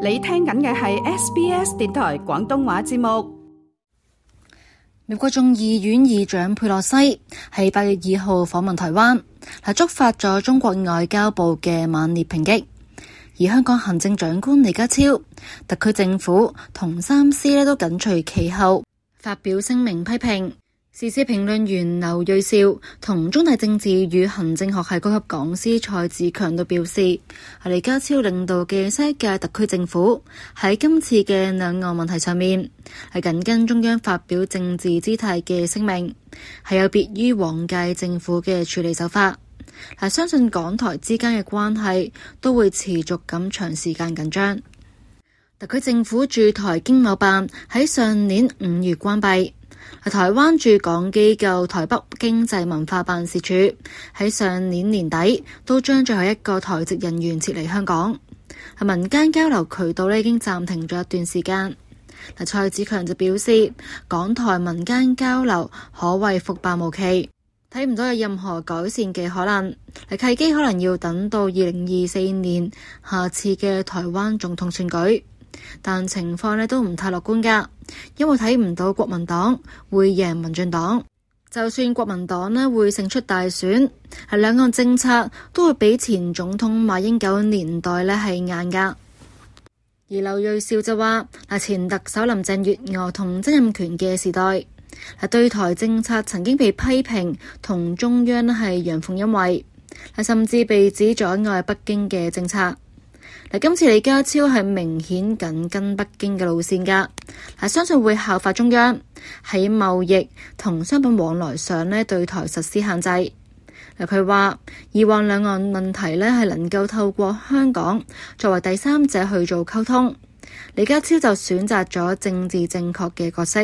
你聽緊嘅係 SBS 電台廣東話節目。美國眾議院議長佩洛西喺八月二號訪問台灣，係觸發咗中國外交部嘅猛烈抨擊，而香港行政長官李家超、特區政府同三司咧都緊隨其後發表聲明批評。時事評論員劉瑞兆同中大政治與行政學系高級講師蔡志強都表示，係李家超領導嘅新界特區政府喺今次嘅兩岸問題上面，係緊跟中央發表政治姿態嘅聲明，係有別於往屆政府嘅處理手法。嗱，相信港台之間嘅關係都會持續咁長時間緊張。特區政府駐台經貿辦喺上年五月關閉。喺台灣駐港機構台北經濟文化辦事處喺上年年底都將最後一個台籍人員撤離香港，民間交流渠道咧已經暫停咗一段時間。嗱，蔡子強就表示，港台民間交流可謂復辦無期，睇唔到有任何改善嘅可能。係契機可能要等到二零二四年下次嘅台灣總統選舉，但情況咧都唔太樂觀㗎。因為睇唔到國民黨會贏民進黨，就算國民黨咧會勝出大選，係兩岸政策都會比前總統馬英九年代咧係硬㗎。而劉銳紹就話：嗱，前特首林鄭月娥同曾蔭權嘅時代，嗱，對台政策曾經被批評同中央係陽奉陰違，甚至被指阻礙北京嘅政策。嗱，今次李家超係明顯緊跟北京嘅路線㗎，嗱相信會效法中央喺貿易同商品往來上咧對台實施限制。嗱，佢話以往兩岸問題咧係能夠透過香港作為第三者去做溝通，李家超就選擇咗政治正確嘅角色。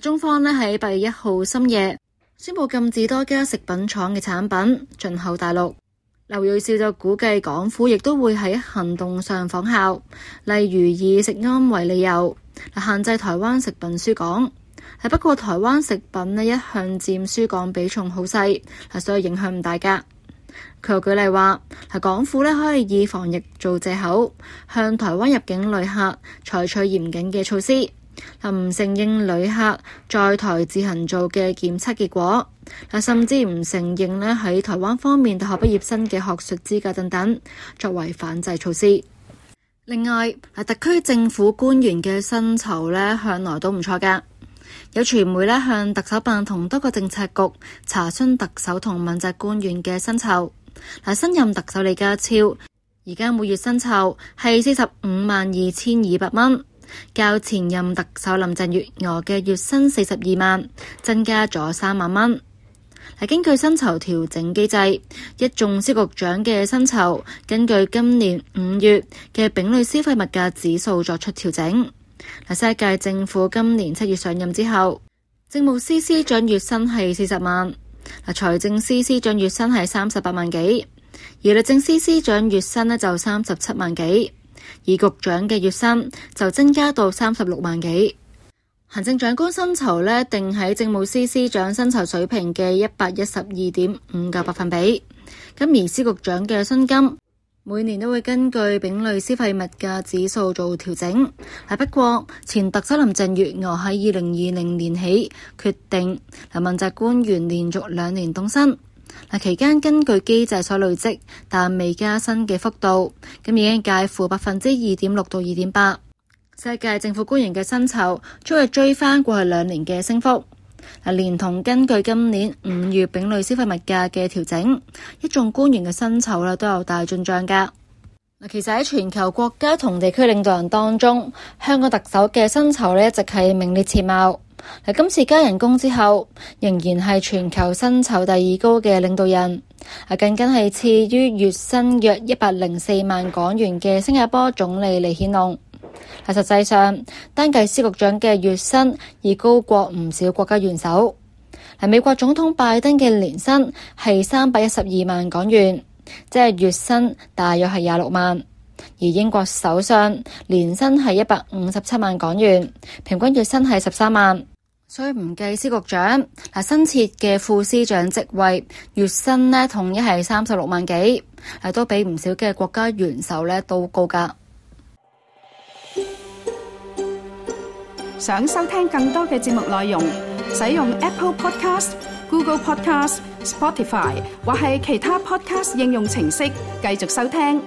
中方咧喺八月一號深夜宣布禁止多家食品廠嘅產品進口大陸。劉瑞兆就估計港府亦都會喺行動上仿效，例如以食安為理由，限制台灣食品輸港。不過台灣食品呢一向佔輸港比重好細，所以影響唔大㗎。佢又舉例話，港府呢可以以防疫做借口，向台灣入境旅客採取嚴謹嘅措施。唔承認旅客在台自行做嘅檢測結果，甚至唔承認咧喺台灣方面大學畢業生嘅學術資格等等，作為反制措施。另外，特區政府官員嘅薪酬咧向來都唔錯㗎。有傳媒咧向特首辦同多個政策局查詢特首同問責官員嘅薪酬。新任特首李家超而家每月薪酬係四十五萬二千二百蚊。較前任特首林鄭月娥嘅月薪四十二萬，增加咗三萬蚊。嗱，根據薪酬調整機制，一眾司局長嘅薪酬根據今年五月嘅丙類消費物價指數作出調整。嗱，世界政府今年七月上任之後，政務司司長月薪係四十萬，嗱，財政司司長月薪係三十八萬幾，而律政司司長月薪呢就三十七萬幾。而局長嘅月薪就增加到三十六萬幾，行政長官薪酬呢定喺政務司司長薪酬水平嘅一百一十二點五個百分比。咁而司局長嘅薪金每年都會根據丙類消費物價指數做調整。係不過前特首林鄭月娥喺二零二零年起決定，留問責官員連續兩年凍薪。嗱，期間根據機制所累積但未加薪嘅幅度，咁已經介乎百分之二點六到二點八。世界政府官員嘅薪酬將會追翻過去兩年嘅升幅，嗱，連同根據今年五月丙類消費物價嘅調整，一眾官員嘅薪酬呢都有大進漲㗎。嗱，其實喺全球國家同地區領導人當中，香港特首嘅薪酬呢一直係名列前茅。嗱，今次加人工之後，仍然係全球薪酬第二高嘅領導人，係僅僅係次於月薪約一百零四萬港元嘅新加坡總理李顯龍。喺實際上，單計司局長嘅月薪已高過唔少國家元首。美國總統拜登嘅年薪係三百一十二萬港元，即係月薪大約係廿六萬；而英國首相年薪係一百五十七萬港元，平均月薪係十三萬。所以唔計司局長，嗱新設嘅副司長職位月薪咧統一係三十六萬幾，嗱都比唔少嘅國家元首咧都高噶。想收聽更多嘅節目內容，使用 Apple Podcast、Google Podcast、Spotify 或係其他 Podcast 應用程式繼續收聽。